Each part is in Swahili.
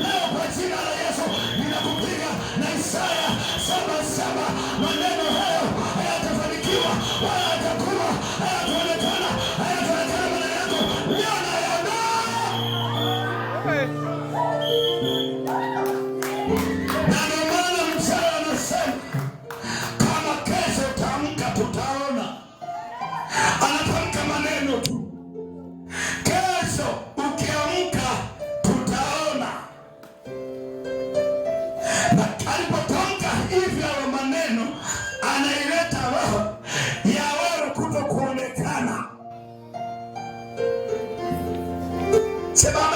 leo kwa jina la Seba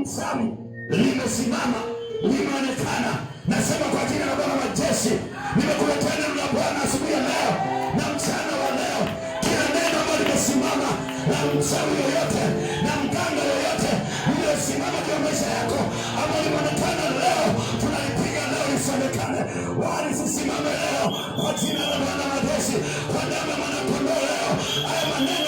mfano limesimama limeonekana. Nasema kwa jina la Bwana majeshi jeshi, nimekuletea neno la Bwana asubuhi ya leo na mchana wa leo. Kila neno ambalo limesimama na msamu yoyote na mganga yoyote uliosimama kwa maisha yako ambao limeonekana leo, tunalipiga leo lisionekane, walisimame leo kwa jina la Bwana majeshi kwa damu ya mwanakondoo leo haya maneno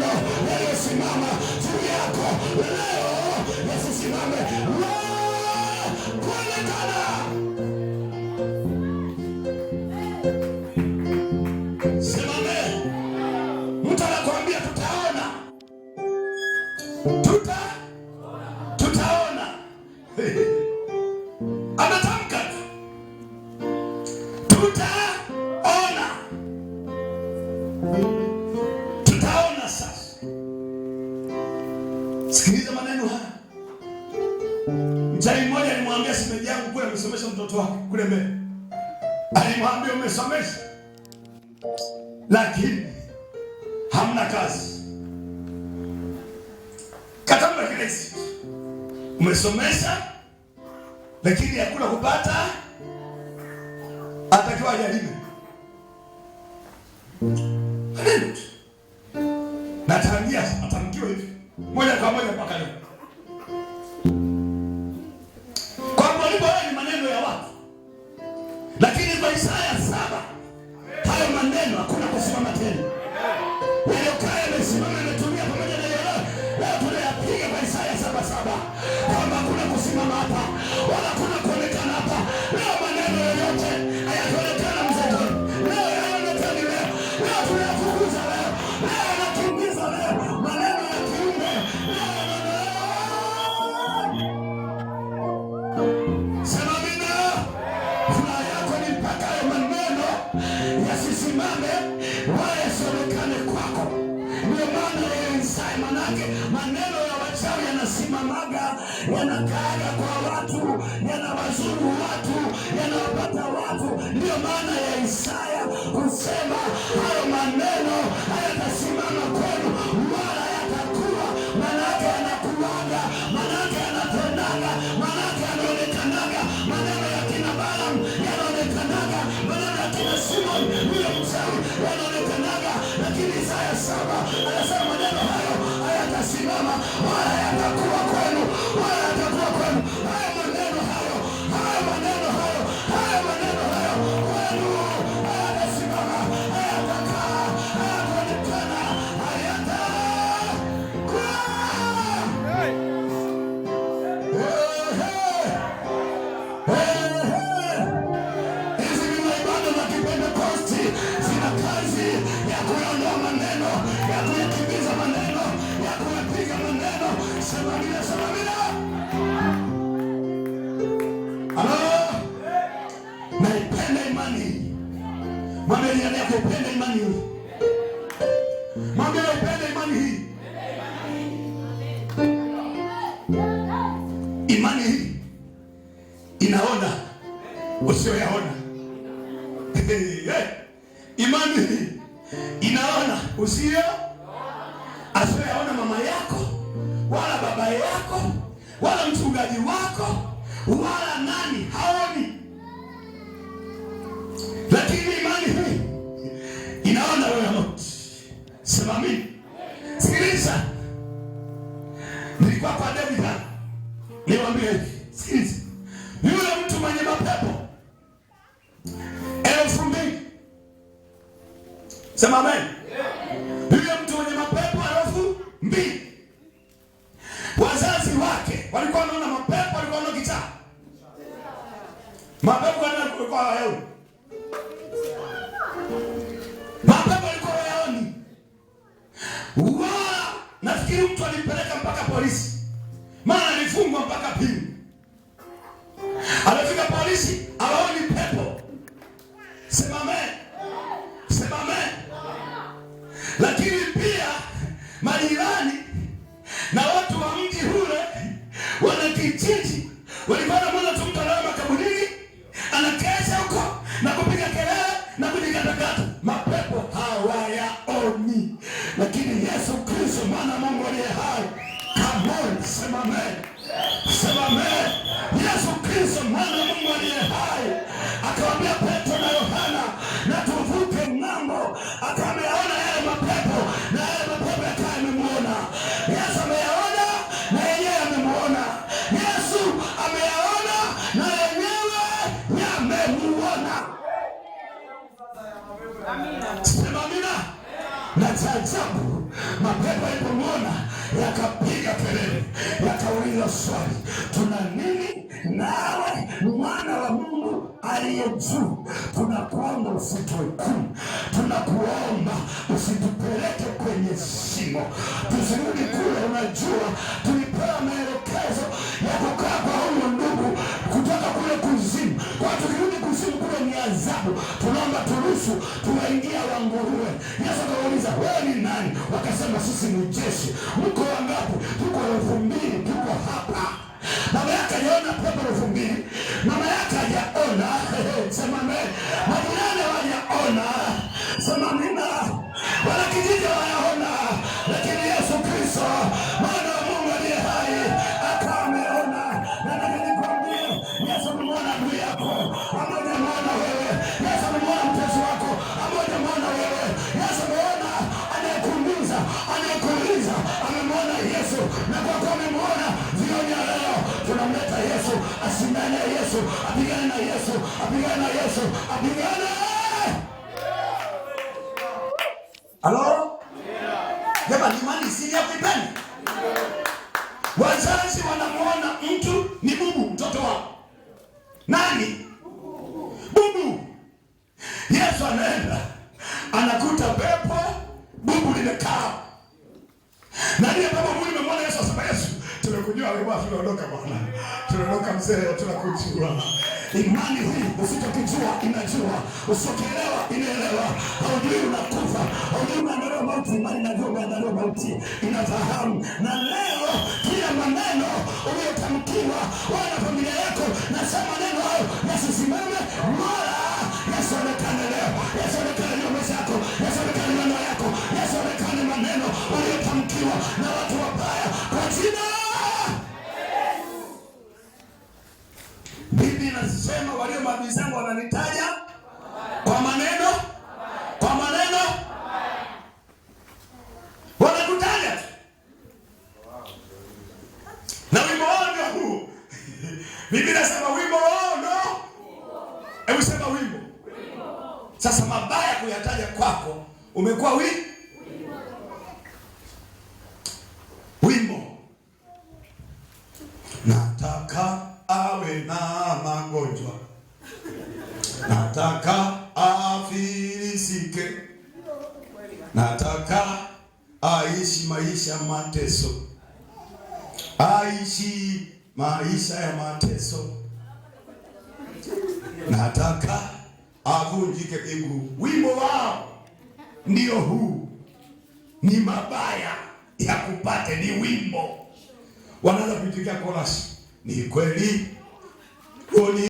maneno yaliyosimama juu yako leo yasisimame kuonekana. tutaona, tuta yangu kule amesomesha mtoto wake kule mbele, alimwambia umesomesha, lakini hamna kazi. Katamba kiresi, umesomesha lakini hakuna kupata, atakiwa ajaribu natangia atamkiwa hivi moja kwa moja mpaka leo. Samamina, furaha yako ni mpaka maneno kwako. manake maneno ya wachawi yanasimamaga, yanakaaga kwa watu, yanawazuru watu, yanawapata watu. ndiyo maana ya Isaya kusema hayo maneno Naipenda imani. Mwambie ni yako upende imani hii. Mwambie upende imani hii. Imani hii inaona Hey, hey. Imani hii inaona usiyo asiyoyaona mama yako wala baba yako wala mchungaji wako wala nani haoni Simami. Sikiliza, nilikuwa kwa David, niwaambie hivi, sikiliza, yule mtu mwenye mapepo elfu mbili sema amen. Yule mtu mwenye mapepo elfu mbili wazazi wake walikuwa wanaona mapepo, walikuwa wanaona kichaa mapepo, walikuwa wanaona Nafikiri mtu alimpeleka mpaka polisi, maana alifungwa mpaka pingu, alifika polisi simame, simame. Yesu Kristo mwana wa Mungu aliye hai akawambia Petro na Yohana, na tuvuke ng'ambo. Akameona yale mapepo na yale mapepo yakawa yamemuona Yesu. Ameyaona na yenyewe yamemuona Yesu. Ameyaona na yenyewe yamemuona. Sema amina. Na cha ajabu mapepo yalipomwona yaka mbele swali, tuna nini nawe mwana wa Mungu aliye juu? Tunakuomba usituhukumu, tunakuomba usitupeleke kwenye shimo, tusirudi kule. Unajua tulipewa maelekezo ya kukaa kwa huyo ndugu kutoka kule kuzimu, kwa tukirudi kuzimu kule ni adhabu. Yesu, tuwaingia wanguruwe. Yesu akawauliza wewe ni nani? Wakasema sisi ni jeshi. Mko wangapi? Tuko elfu mbili, tuko hapa. Baba yake aliona pepo elfu mbili, mama yake hajaona, sema majirani hawajaona Nani ambapo Mungu nimemwona Yesu asema Yesu, tunakujua wewe bwana, tunaondoka bwana. Tunaondoka mzee, tunakujua. Imani hii usipokijua inajua, usipoelewa inaelewa. Haujui unakufa, haujui unaandalia mauti, imani inajua unaandalia mauti, inafahamu. Na leo kila maneno uliyotamkiwa wewe na familia yako nasema umekuwa wi wimbo. Nataka awe na magonjwa, nataka afilisike, nataka aishi maisha mateso, aishi maisha ya mateso, nataka avunjike miguu. Wimbo wao ndio huu, ni mabaya ya kupate, ni wimbo wanaweza kuitikia korasi, ni kweli